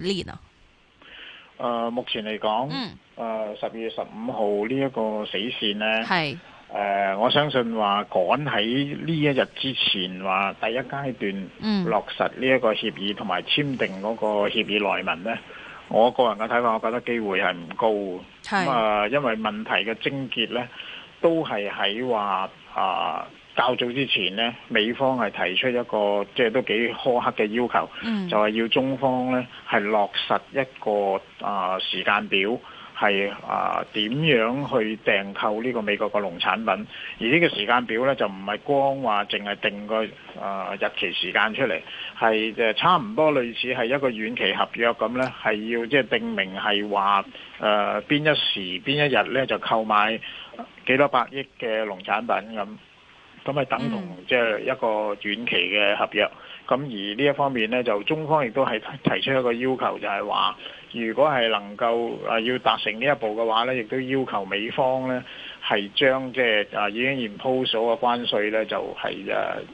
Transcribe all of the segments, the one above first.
誒，uh, 目前嚟講，誒、嗯，十、呃、二月十五號呢一個死線呢，係誒是、呃，我相信話趕喺呢一日之前，話第一階段落實呢一個協議同埋簽訂嗰個協議內文呢。我個人嘅睇法，我覺得機會係唔高。咁是、嗯呃、因為問題嘅症結呢，都係喺話啊。呃較早之前咧，美方係提出一個即係都幾苛刻嘅要求，mm. 就係要中方咧係落實一個啊、呃、時間表，係啊點樣去訂購呢個美國嘅農產品。而呢個時間表咧就唔係光話淨係定個啊、呃、日期時間出嚟，係即係差唔多類似係一個遠期合約咁咧，係要即係定明係話誒邊一時邊一日咧就購買幾多百億嘅農產品咁。咁係、嗯、等同即係一個短期嘅合約，咁而呢一方面呢，就中方亦都係提出一個要求，就係、是、話，如果係能夠誒、呃、要達成呢一步嘅話呢，亦都要求美方呢。係將即係啊已經 impose 咗嘅關稅咧，就係誒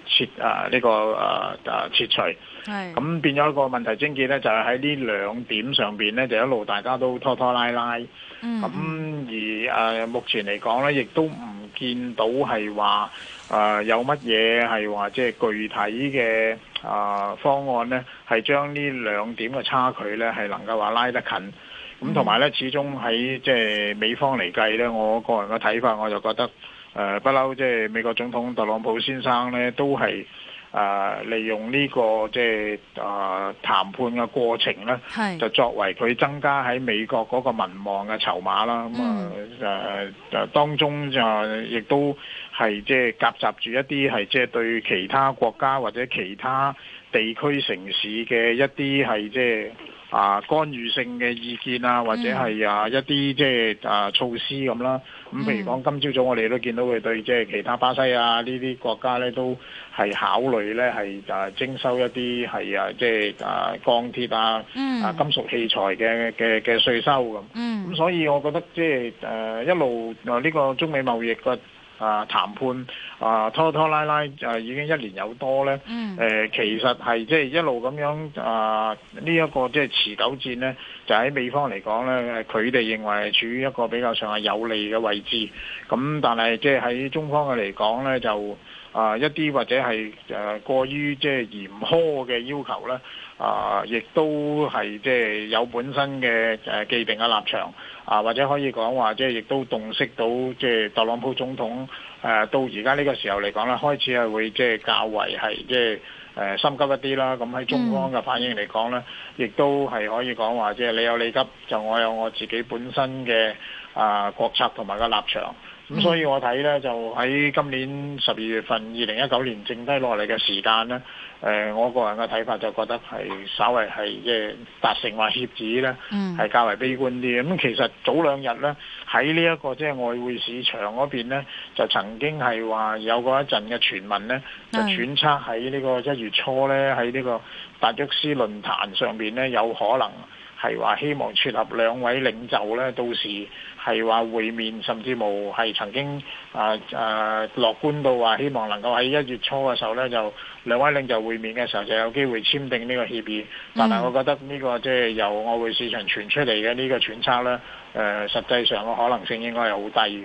撤啊呢、啊這個誒誒撤除。係咁是變咗一個問題症結咧，就係喺呢兩點上邊咧，就一路大家都拖拖拉拉。嗯,嗯。咁而誒、啊、目前嚟講咧，亦都唔見到係話誒有乜嘢係話即係具體嘅誒、啊、方案咧，係將呢兩點嘅差距咧，係能夠話拉得近。咁同埋咧，始終喺即係美方嚟計咧，我個人嘅睇法，我就覺得誒不嬲，即係美國總統特朗普先生咧，都係誒利用呢個即係誒談判嘅過程咧，係就作為佢增加喺美國嗰個民望嘅籌碼啦。咁啊誒誒，當中就亦都係即係夾雜住一啲係即係對其他國家或者其他地區城市嘅一啲係即係。啊，干預性嘅意見啊，或者係啊一啲即係啊措施咁啦。咁、啊、譬如講，今朝早我哋都見到佢對即係、啊、其他巴西啊呢啲國家咧，都係考慮咧係啊徵收一啲係啊即係啊鋼鐵啊啊金屬器材嘅嘅嘅稅收咁。咁、啊嗯啊、所以我覺得即係誒一路啊呢、呢個中美貿易個。啊！談判啊，拖拖拉拉就、啊、已經一年有多咧。嗯，誒，其實係即係一路咁樣啊，這個、呢一個即係持久戰咧。就喺美方嚟講咧，佢哋認為係處於一個比較上係有利嘅位置。咁但係即係喺中方嘅嚟講咧，就啊一啲或者係誒過於即係嚴苛嘅要求咧，啊亦都係即係有本身嘅誒既定嘅立場啊，或者可以講話即係亦都洞悉到即係特朗普總統誒到而家呢個時候嚟講咧，開始係會即係較為係即係。誒、呃、心急一啲啦，咁喺中方嘅反應嚟講咧，嗯、亦都係可以講話，即、就、係、是、你有你急，就我有我自己本身嘅啊、呃、國策同埋個立場。咁、嗯、所以我睇咧，就喺今年十二月份二零一九年剩低落嚟嘅時間咧，誒、呃，我個人嘅睇法就覺得係稍微係即係達成或協議咧，係、嗯、較為悲觀啲咁、嗯、其實早兩日咧，喺呢一個即係外匯市場嗰邊，咧，就曾經係話有過一陣嘅傳聞咧，就揣測喺呢個一月初咧，喺呢個達沃斯論壇上邊咧，有可能。係話希望撮合兩位領袖咧，到時係話會面，甚至無係曾經啊啊、呃呃、樂觀到話，希望能夠喺一月初嘅時候咧，就兩位領袖會面嘅時候就有機會簽訂呢個協議。但係我覺得呢、這個即係、就是、由外匯市場傳出嚟嘅呢個揣測咧，誒、呃、實際上嘅可能性應該係好低。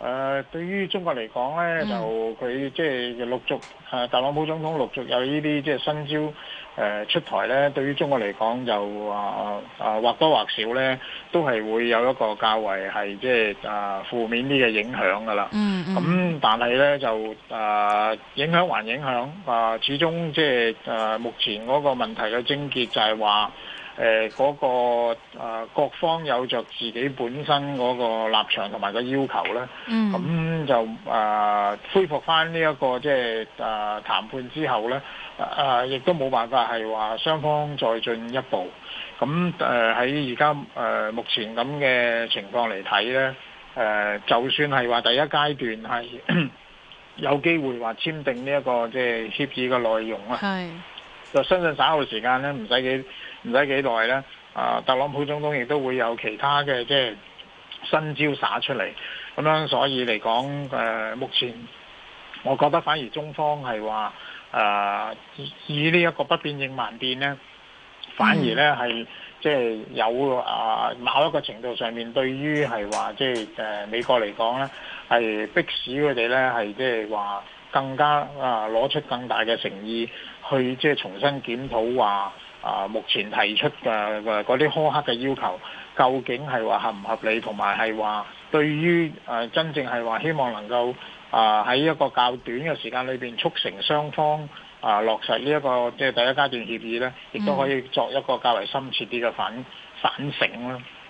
誒、呃、對於中國嚟講咧，嗯、就佢即係陸續啊，特朗普總統陸續有呢啲即係新招誒、呃、出台咧，對於中國嚟講就啊啊、呃、或多或少咧，都係會有一個較為係即係啊負面啲嘅影響㗎喇。咁、嗯、但係咧就啊、呃、影響還影響啊、呃，始終即係誒目前嗰個問題嘅症結就係話，誒嗰、呃那個、呃、各方有着自己本身嗰個立場同埋個要求咧，咁、嗯、就誒恢、呃、復翻呢一個即係誒談判之後咧，誒、呃、亦都冇辦法係話雙方再進一步。咁誒喺而家誒目前咁嘅情況嚟睇咧，誒、呃、就算係話第一階段係 有機會話簽訂呢、這、一個即係、就是、協議嘅內容啊，是就相信稍後時間咧，唔使幾。嗯唔使幾耐咧，啊、呃！特朗普總統亦都會有其他嘅即係新招撒出嚟咁樣，所以嚟講，誒、呃，目前我覺得反而中方係話誒以呢一個不變應萬變咧，反而咧係即係有啊、呃、某一個程度上面，對於係話即係誒、呃、美國嚟講咧，係逼使佢哋咧係即係話更加啊攞、呃、出更大嘅誠意去即係重新檢討話。啊！目前提出嘅嗰啲苛刻嘅要求，究竟係話合唔合理，同埋係話對於誒、啊、真正係話希望能夠啊喺一個較短嘅時間裏邊促成雙方啊落實呢、這、一個即係、就是、第一階段協議咧，亦都可以作一個較為深切啲嘅反反省啦。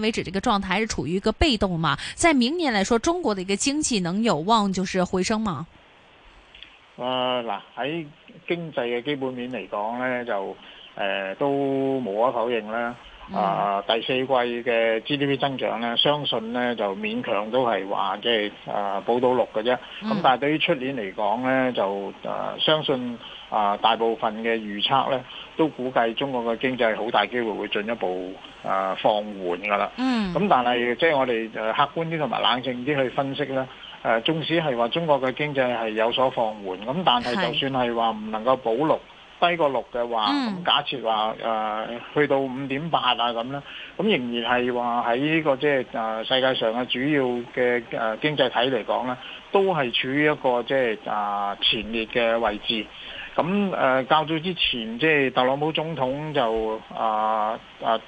為止，這個狀態是處於一個被動嘛？在明年來說，中國的一個經濟能有望就是回升嗎？誒、呃，嗱喺經濟嘅基本面嚟講咧，就誒、呃、都無可否認啦。啊、呃，第四季嘅 GDP 增長咧，相信咧就勉強都係話即係啊，保到六嘅啫。咁但係對於出年嚟講咧，就啊、呃，相信啊、呃，大部分嘅預測咧，都估計中國嘅經濟好大機會會進一步啊、呃、放緩㗎啦。嗯。咁但係即係我哋就客觀啲同埋冷靜啲去分析咧，誒、呃，縱使係話中國嘅經濟係有所放緩，咁但係就算係話唔能夠保六。低過六嘅話，咁、嗯、假設話誒、呃、去到五點八啊咁啦，咁仍然係話喺呢個即係誒世界上嘅主要嘅誒、呃、經濟體嚟講咧，都係處於一個即係誒前列嘅位置。咁、嗯、誒、呃、較早之前即係特朗普總統就誒誒。呃啊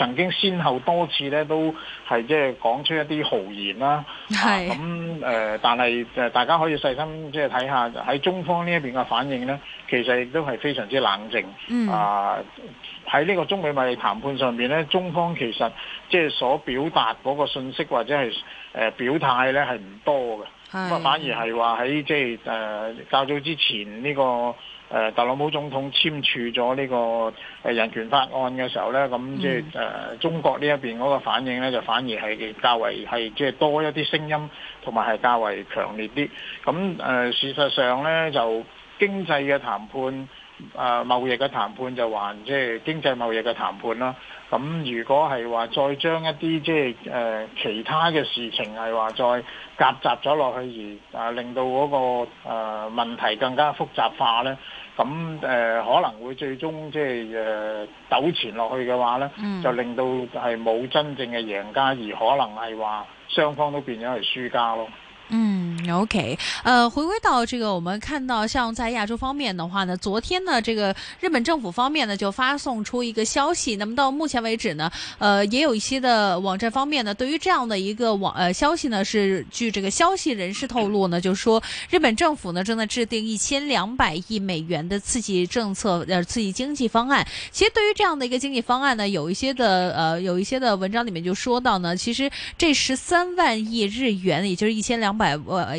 曾經先後多次咧，都係即係講出一啲豪言啦、啊。係咁誒，但係誒、呃，大家可以細心即係睇下喺中方呢一邊嘅反應咧，其實亦都係非常之冷靜。嗯、啊，喺呢個中美貿易談判上邊咧，中方其實即係所表達嗰個信息或者係誒、呃、表態咧，係唔多嘅。咁是反而係話喺即係誒較早之前呢、這個。誒、呃，特朗普總統簽署咗呢個誒人權法案嘅時候咧，咁即係誒中國呢一邊嗰個反應咧，就反而係較為係即係多一啲聲音，同埋係較為強烈啲。咁誒、呃，事實上咧，就經濟嘅談判。誒、啊、貿易嘅談判就還即係經濟貿易嘅談判啦，咁如果係話再將一啲即係誒、呃、其他嘅事情係話再夾雜咗落去而誒、啊、令到嗰、那個誒、呃、問題更加複雜化咧，咁誒、呃、可能會最終即係誒、呃、糾纏落去嘅話咧，mm. 就令到係冇真正嘅贏家，而可能係話雙方都變咗係輸家咯。OK，呃，回歸到這個，我們看到像在亞洲方面的話呢，昨天呢，這個日本政府方面呢就發送出一個消息，那麼到目前為止呢，呃，也有一些的網站方面呢，對於這樣的一個網，呃，消息呢，是據這個消息人士透露呢，就是說日本政府呢正在制定一千兩百億美元的刺激政策，呃，刺激經濟方案。其實對於這樣的一個經濟方案呢，有一些的，呃，有一些的文章裏面就說到呢，其實這十三萬億日元，也就是一千兩百呃。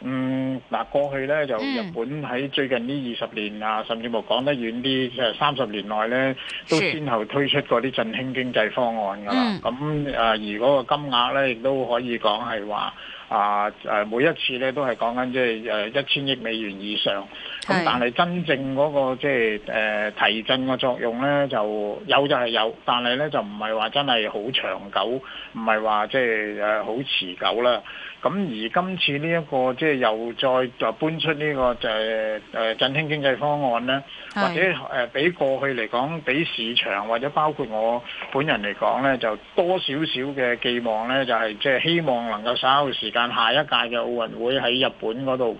嗯，嗱，過去咧就日本喺最近呢二十年啊，嗯、甚至乎講得遠啲，即係三十年內咧，都先後推出過啲振興經濟方案㗎啦。咁誒、嗯，而嗰個金額咧，亦都可以講係話。啊誒、啊、每一次咧都係講緊即係誒一千億美元以上，咁的但係真正嗰、那個即係誒提振嘅作用咧就有就係有，但係咧就唔係話真係好長久，唔係話即係誒好持久啦。咁而今次呢、這、一個即係、就是、又再就搬出呢個就係、是、誒、啊、振興經濟方案咧，的或者誒、呃、比過去嚟講，比市場或者包括我本人嚟講咧，就多少少嘅寄望咧，就係即係希望能夠稍下個時間但下一屆嘅奧運會喺日本嗰度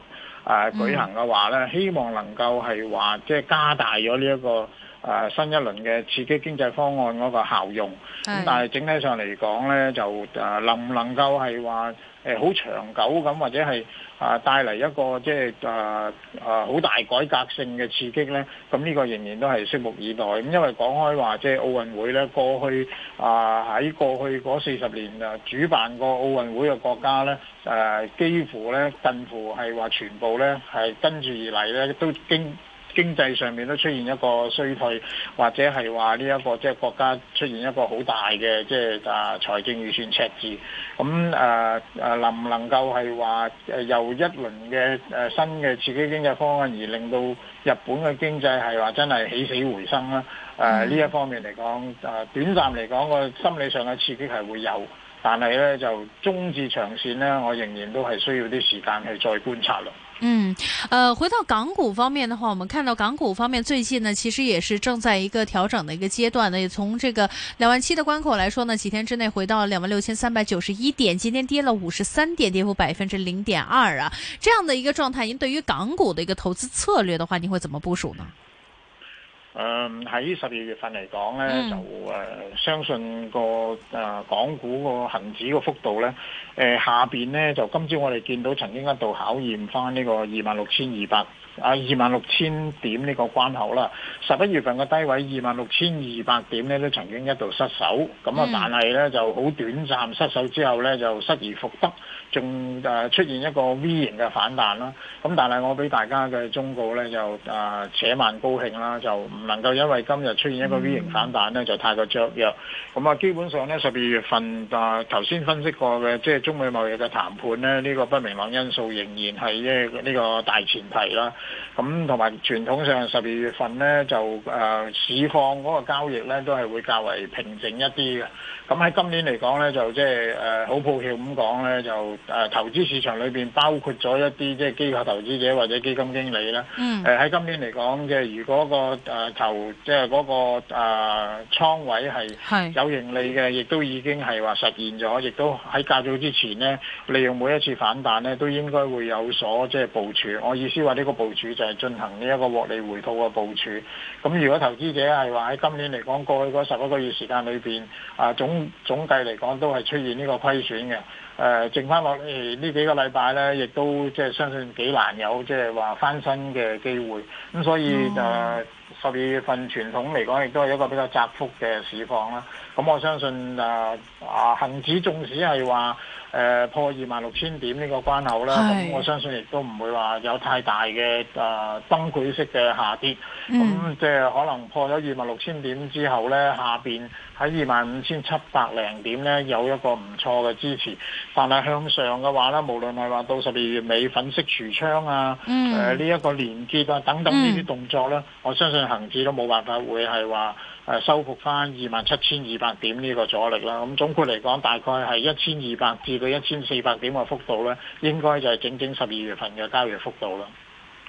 誒舉行嘅話咧，希望能夠係話即係加大咗呢一個。誒新一輪嘅刺激經濟方案嗰個效用，咁但係整體上嚟講咧，就誒能唔能夠係話誒好長久咁，或者係啊帶嚟一個即係啊啊好大改革性嘅刺激咧？咁呢個仍然都係拭目以待。咁因為講開話即係奧運會咧，過去啊喺過去嗰四十年啊，主辦過奧運會嘅國家咧，誒幾乎咧近乎係話全部咧係跟住而嚟咧都經經濟上面都出現一個衰退，或者係話呢一個即係、就是、國家出現一個好大嘅即係啊財政預算赤字，咁誒誒能唔能夠係話誒由一輪嘅誒、啊、新嘅刺激經濟方案而令到日本嘅經濟係話真係起死回生咧？誒、啊、呢一方面嚟講，誒、啊、短暫嚟講個、啊、心理上嘅刺激係會有。但係咧，就中至長線呢，我仍然都係需要啲時間去再觀察咯。嗯，呃，回到港股方面的話，我們看到港股方面最近呢，其實也是正在一個調整嘅一個階段。呢，也從這個兩萬七嘅關口來說呢，幾天之內回到兩萬六千三百九十一點，今天跌了五十三點，跌幅百分之零點二啊，這樣的一個狀態。您對於港股嘅一個投資策略的話，您會怎麼部署呢？誒喺十二月份嚟講咧，mm. 就誒、呃、相信個誒、呃、港股個恆指個幅度咧，誒、呃、下邊咧，就今朝我哋見到曾經一度考驗返呢個二萬六千二百。啊，二萬六千點呢個關口啦，十一月份嘅低位二萬六千二百點呢，都曾經一度失守，咁啊，但係呢，就好短暫失守之後呢，就失而復得，仲誒出現一個 V 型嘅反彈啦。咁但係我俾大家嘅忠告呢，就誒、呃、且慢高興啦，就唔能夠因為今日出現一個 V 型反彈呢，就太過雀躍。咁啊，基本上呢，十二月份啊，頭、呃、先分析過嘅，即係中美貿易嘅談判呢，呢、這個不明朗因素仍然係即係呢個大前提啦。咁同埋傳統上十二月份咧就誒、呃、市況嗰個交易咧都係會較為平靜一啲嘅。咁、嗯、喺今年嚟講咧就即係誒好抱歉咁講咧就誒、呃、投資市場裏邊包括咗一啲即係機構投資者或者基金經理啦。嗯。誒喺、呃、今年嚟講嘅，就是、如果、那個誒、呃、投即係嗰個誒、呃、倉位係係有盈利嘅，亦是都已經係話實現咗，亦都喺較早之前咧利用每一次反彈咧都應該會有所即係、就是、部署。我意思話呢個部署。佈就係進行呢一個獲利回吐嘅部署，咁如果投資者係話喺今年嚟講過去嗰十一個月時間裏邊啊總總計嚟講都係出現呢個虧損嘅，誒淨翻落嚟呢幾個禮拜咧，亦都即係相信幾難有即係話翻身嘅機會，咁所以誒十二月份傳統嚟講亦都係一個比較窄幅嘅市況啦。咁我相信啊，恆、呃、指縱使係話誒破二萬六千點呢個關口啦，咁是我相信亦都唔會話有太大嘅誒崩潰式嘅下跌。咁即係可能破咗二萬六千點之後咧，下邊喺二萬五千七百零點咧有一個唔錯嘅支持。但係向上嘅話咧，無論係話到十二月尾粉飾櫥窗啊，誒呢一個連接啊等等呢啲動作咧，嗯、我相信恒指都冇辦法會係話。誒收復返二萬七千二百點呢個阻力啦，咁總括嚟講，大概係一千二百至到一千四百點嘅幅度咧，應該就係整整十二月份嘅交易幅度啦。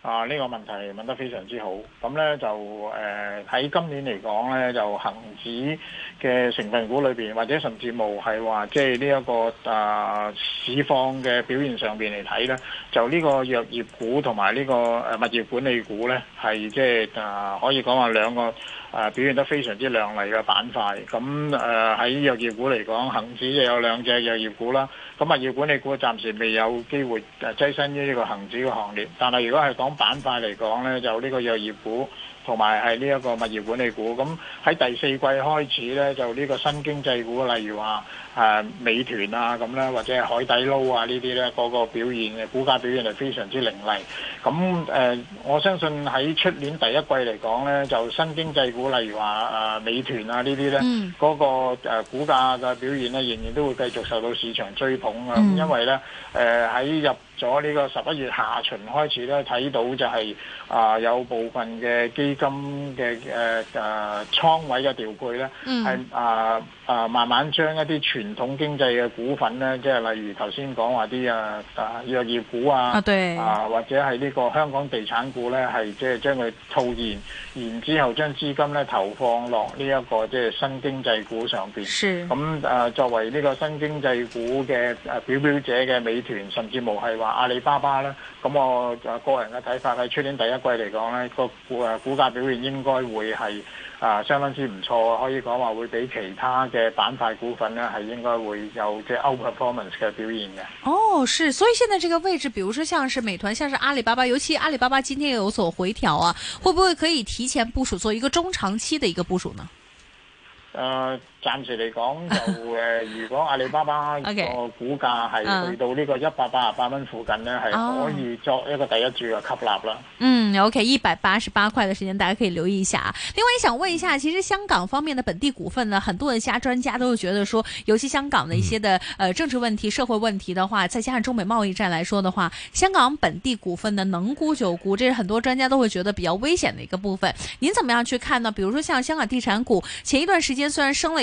啊！呢、呢個問題問得非常之好，咁呢，就誒喺、呃、今年嚟講呢就恒指嘅成分股裏邊，或者甚至無係話即係呢一個啊市況嘅表現上邊嚟睇呢就呢個藥業股同埋呢個誒、呃、物業管理股呢係即係啊可以講話兩個，誒、呃、表現得非常之亮麗嘅板塊，咁誒喺藥業股嚟講，恒指有兩隻藥業股啦，咁啊藥管理股暫時未有機會誒躋、呃、身於呢個恒指嘅行列，但係如果係講板塊嚟講呢就呢個藥業股。同埋係呢一個物業管理股，咁喺第四季開始咧，就呢個新經濟股，例如話誒、呃、美團啊咁啦，或者係海底撈啊呢啲咧，個、嗰個表現嘅股價表現係非常之凌厲。咁誒、呃，我相信喺出年第一季嚟講咧，就新經濟股，例如話誒、呃、美團啊呢啲咧，嗰、嗯、個誒股價嘅表現咧，仍然都會繼續受到市場追捧啊。嗯、因為咧誒喺入咗呢個十一月下旬開始咧，睇到就係、是、啊、呃、有部分嘅基金嘅誒誒倉位嘅調配咧，係啊、嗯。啊，慢慢將一啲傳統經濟嘅股份呢，即係例如頭先講話啲啊啊藥業股啊，啊或者係呢個香港地產股呢，係即係將佢套現，然之後將資金咧投放落呢一個即係新經濟股上邊。咁是啊，作為呢個新經濟股嘅表表者嘅美團，甚至無係話阿里巴巴啦。咁我啊個人嘅睇法喺出年第一季嚟講咧，呢個誒股價表現應該會係。啊，相當之唔錯，可以講話會比其他嘅板塊股份呢，係應該會有即係 outperformance 嘅表現嘅。哦，是，所以現在這個位置，比如說像是美團，像是阿里巴巴，尤其阿里巴巴今天有所回調啊，會不會可以提前部署做一個中長期嘅一個部署呢？啊、呃。暫時嚟講就誒， 如果阿里巴巴個股價係去到呢個一百八十八蚊附近，呢係可以作一個第一注嘅吸納啦。嗯，OK，一百八十八塊嘅時間大家可以留意一下啊。另外，想問一下，其實香港方面的本地股份呢，很多一家專家都會覺得說，尤其香港的一些的呃政治問題、社會問題的話，再加上中美貿易戰來說的話，香港本地股份呢能沽就沽，這是很多專家都會覺得比較危險嘅一個部分。您怎麼樣去看呢？比如說，像香港地產股前一段時間雖然升了。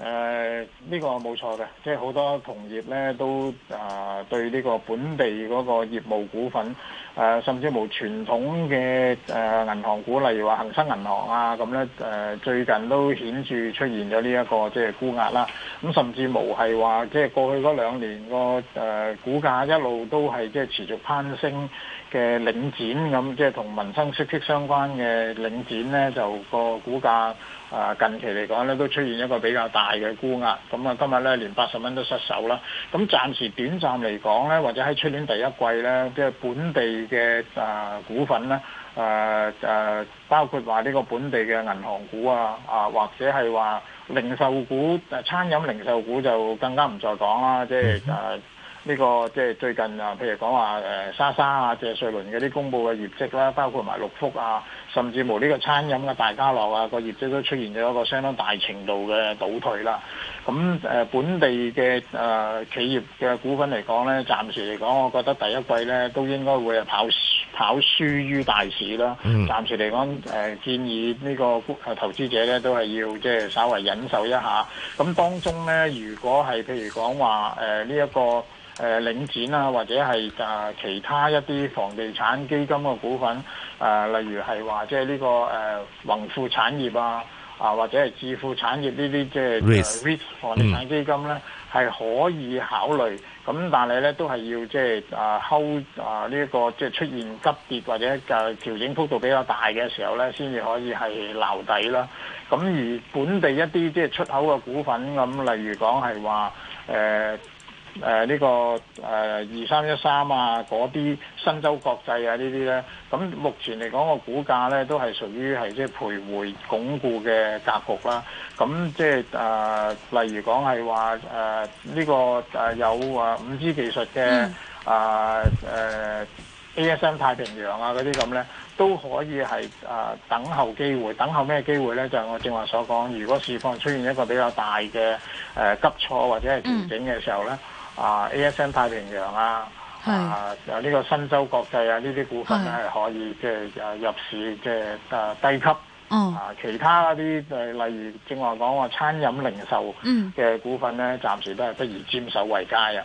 誒呢、呃這個冇錯嘅，即係好多同業咧都啊、呃、對呢個本地嗰個業務股份，誒、呃、甚至無傳統嘅誒銀行股，例如話恒生銀行啊咁咧，誒、呃、最近都顯著出現咗呢一個即係估壓啦。咁、嗯、甚至無係話，即係過去嗰兩年、這個誒、呃、股價一路都係即係持續攀升嘅領展咁，即係同民生息息相關嘅領展咧，就、這個股價。啊，近期嚟講咧，都出現一個比較大嘅沽壓，咁啊，今日咧連八十蚊都失手啦。咁暫時短暫嚟講咧，或者喺出年第一季咧，即係本地嘅啊股份咧，誒誒，包括話呢個本地嘅銀行股啊，啊或者係話零售股、誒餐飲零售股就更加唔再講啦，嗯、即係誒。呃呢、這個即係、就是、最近啊，譬如講話誒莎莎啊、謝瑞麟嘅啲公佈嘅業績啦，包括埋六福啊，甚至乎呢個餐飲嘅大家樂啊，個業績都出現咗一個相當大程度嘅倒退啦。咁誒、呃、本地嘅誒、呃、企業嘅股份嚟講咧，暫時嚟講，我覺得第一季咧都應該會係跑跑輸於大市啦。暫、mm hmm. 時嚟講誒，建議呢個投資者咧都係要即係、就是、稍為忍受一下。咁當中咧，如果係譬如講話誒呢一個。誒、呃、領展啊，或者係誒、呃、其他一啲房地產基金嘅股份，誒、呃、例如係話即係呢個誒、呃、宏富產業啊，啊或者係置富產業呢啲即係房地產基金咧，係、嗯、可以考慮。咁但係咧都係要即係誒 hold 誒呢個即係出現急跌或者誒調整幅度比較大嘅時候咧，先至可以係撈底啦。咁而本地一啲即係出口嘅股份咁，例如講係話誒。呃呃誒呢、呃這個誒二三一三啊，嗰啲新洲國際啊呢啲咧，咁目前嚟講個股價咧都係屬於係即係徘徊鞏固嘅格局啦。咁即係誒，例如講係話誒呢個誒、呃、有誒五 G 技術嘅誒誒、呃呃、ASM 太平洋啊嗰啲咁咧，都可以係誒、呃、等候機會。等候咩機會咧？就係我正話所講，如果市況出現一個比較大嘅誒、呃、急挫或者係調整嘅時候咧。Mm. 啊，ASM 太平洋啊，是啊，有、這、呢個新洲國際啊，呢啲股份咧係是可以即係啊入市嘅啊、呃、低級、嗯、啊其他嗰啲誒例如正話講話餐飲零售嘅股份咧，暫時都係不如沾手為佳啊。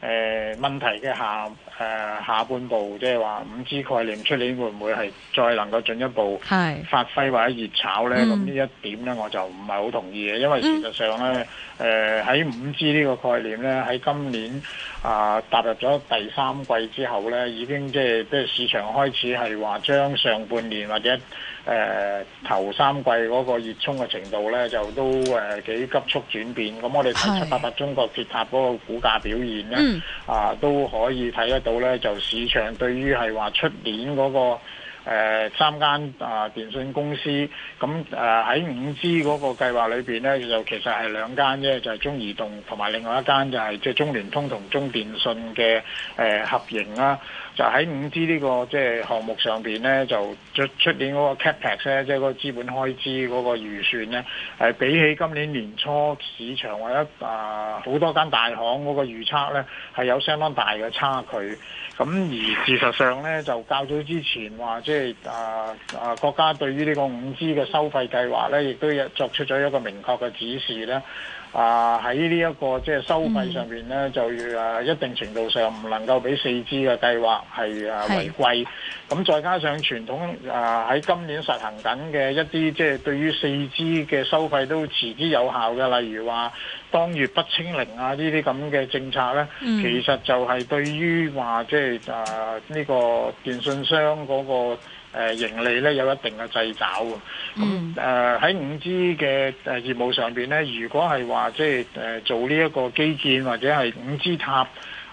誒、呃、問題嘅下誒、呃、下半部，即係話五 G 概念出年會唔會係再能夠進一步發揮或者熱炒咧？咁呢 一點咧，我就唔係好同意嘅，因為事實上咧，誒喺五 G 呢個概念咧，喺今年啊、呃、踏入咗第三季之後咧，已經即係即係市場開始係話將上半年或者。誒、呃、頭三季嗰個熱衷嘅程度咧，就都誒、呃、幾急速轉變。咁我哋七七八八中國鐵塔嗰個股價表現咧，嗯、啊都可以睇得到咧，就市場對於係話出年嗰、那個、呃、三間啊、呃、電信公司，咁誒喺五 G 嗰個計劃裏邊咧，就其實係兩間啫，就係、是、中移動同埋另外一間就係即係中聯通同中電信嘅誒、呃、合營啦、啊。就喺五 G 呢個即係項目上邊咧，就出出年嗰個 capex 咧，即係嗰個資本開支嗰個預算咧，係比起今年年初市場或者啊好多間大行嗰個預測咧，係有相當大嘅差距。咁而事實上咧，就較早之前話即係啊啊國家對於呢個五 G 嘅收費計劃咧，亦都有作出咗一個明確嘅指示咧。啊！喺呢一個即係、就是、收費上邊咧，嗯、就要啊一定程度上唔能夠俾四 G 嘅計劃係是啊違規。咁再加上傳統啊喺今年實行緊嘅一啲即係對於四 G 嘅收費都持之有效嘅，例如話當月不清零啊呢啲咁嘅政策咧，嗯、其實就係對於話即係啊呢個電信商嗰、那個。誒盈利咧有一定嘅掣肘，咁誒喺五 G 嘅誒業務上邊咧，如果係話即係誒、呃、做呢一個基建或者係五 G 塔誒、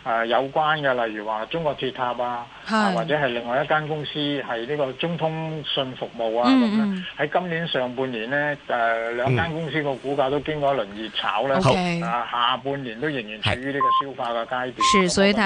呃、有關嘅，例如話中國鐵塔啊，是或者係另外一間公司係呢個中通信服務啊咁、嗯、樣，喺今年上半年咧誒、呃、兩間公司個股價都經過一輪熱炒咧，啊、嗯嗯、下半年都仍然處於呢個消化嘅階段。